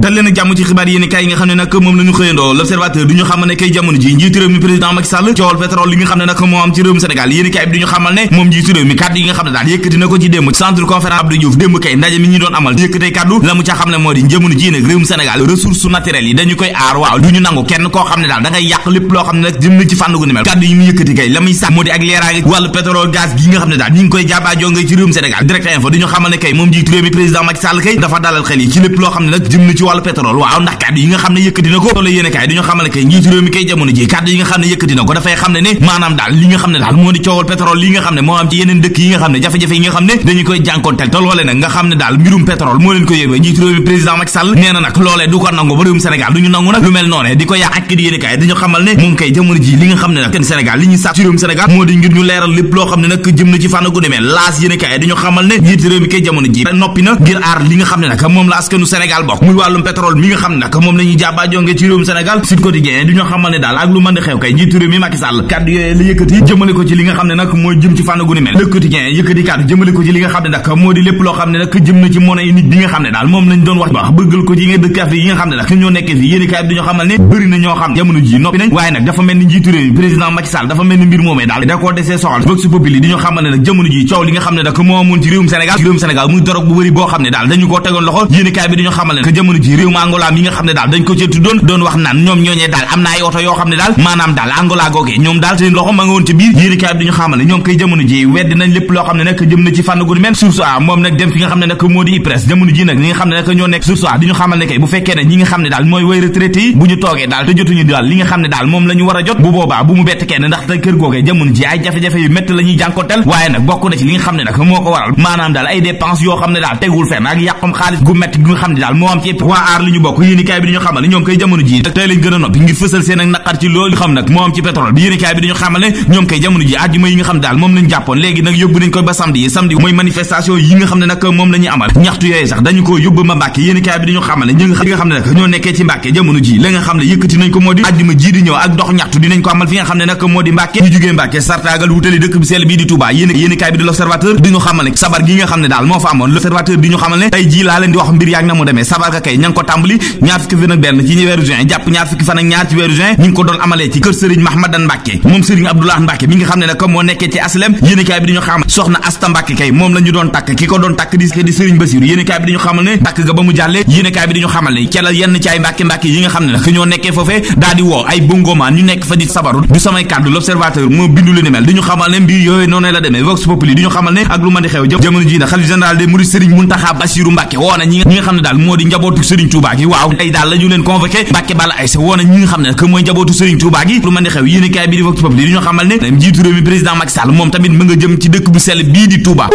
dal leen jàmm ci xibaar yéen kaay yi nga xam ne nag moom la xëyandoo l'observateur du xamal ne kay jamono ci réewum Sénégal direct info du xamal ne kay moom njiitu réew président Macky kay dafa dalal xel yi xam ne ne yëkkati loole nag ko yóbbee njiitu réew mi président du ko nangu ba lu mel noone di ko yaa ak di yéen kaay dañu xamal ne moom kay jamono ji li nga xam ne nag kenn Sénégal li ñuy sàcc ci moo di ngir ñu leeral lépp loo xam ne nag jëm na ci fànn gu demee laas yéen kaay dañu xamal ne njiitu réew mi kay jamono ji noppi na ngir aar li nga xam ne nag moom la doon wax wax bëggal ko ci nga dëkk Afrique yi nga xam ne nag ñoo nekkee fi yéeni kaay bi dañoo xamal ne bëri na ñoo xam jamono ji noppi nañ waaye nag dafa mel ni njiitu président Macky dafa mel ni mbir moomee daal da koo desee soxal vox populi di xamal ne nag jamono ji coow li nga xam ne nag moo amoon ci réewum Sénégal ci réewum Sénégal muy dorog bu bëri boo xam ne daal dañu koo tegoon loxo yéenekaay bi dañu xamal ne jamono ji réew ma Angola mi nga xam ne daal dañ ko ci tuddoon doon wax naan ñoom ñooñee daal am na ay yoo xam ne daal maanaam daal Angola googee ñoom daal seen loxo ma nga woon ci biir yéenekaay bi dañu xamal ne ñoom koy jamono ji weddi nañ lépp nag jëm na ci a moom a di ñu xamal li nga xam ne daal moom la war a jot bu boobaa bu mu bett kenn ndax te kër googee jamono ji ay jafe-jafe yu métti la ñuy waaye nag bokk na ci li nga xam métti gi nga xam ne daal moo am ci waa aar li ñu bokk yéenekaay bi dañu xamal ne ñoom koy jamono ji tey lañ gën a noppi ngir fësal seen ak naqar ci loolu xam ne ñoo nekkee ci Mbàkke jamono ji la nga xam ne daal moo fa amoon l'Observateur di ñu xamal ne tey ji laa leen di wax wax na Asta Mbàkke kay moom la doon takk ki ko doon takk di di Serigne Bassirou bi dañu xamal ne mbir yooyu noonu la demee vox populi dañu xamal ne ak lu ma di xew jamono ji na xalif général des mourides Serigne Mountakha Bassirou Mbàkke woo ñi ñi nga xam ne daal moo di njabootu Serigne Touba waaw tey daal la leen convoqué Mbàkke Balla Aysa woo na ñi nga xam ne que njabootu Serigne Touba lu mën di xew yéen kaay bi di Vox Populi ñu xamal ne njiitu réew mi président Macky Sall moom tamit mu nga jëm ci dëkk bu sell bii di Touba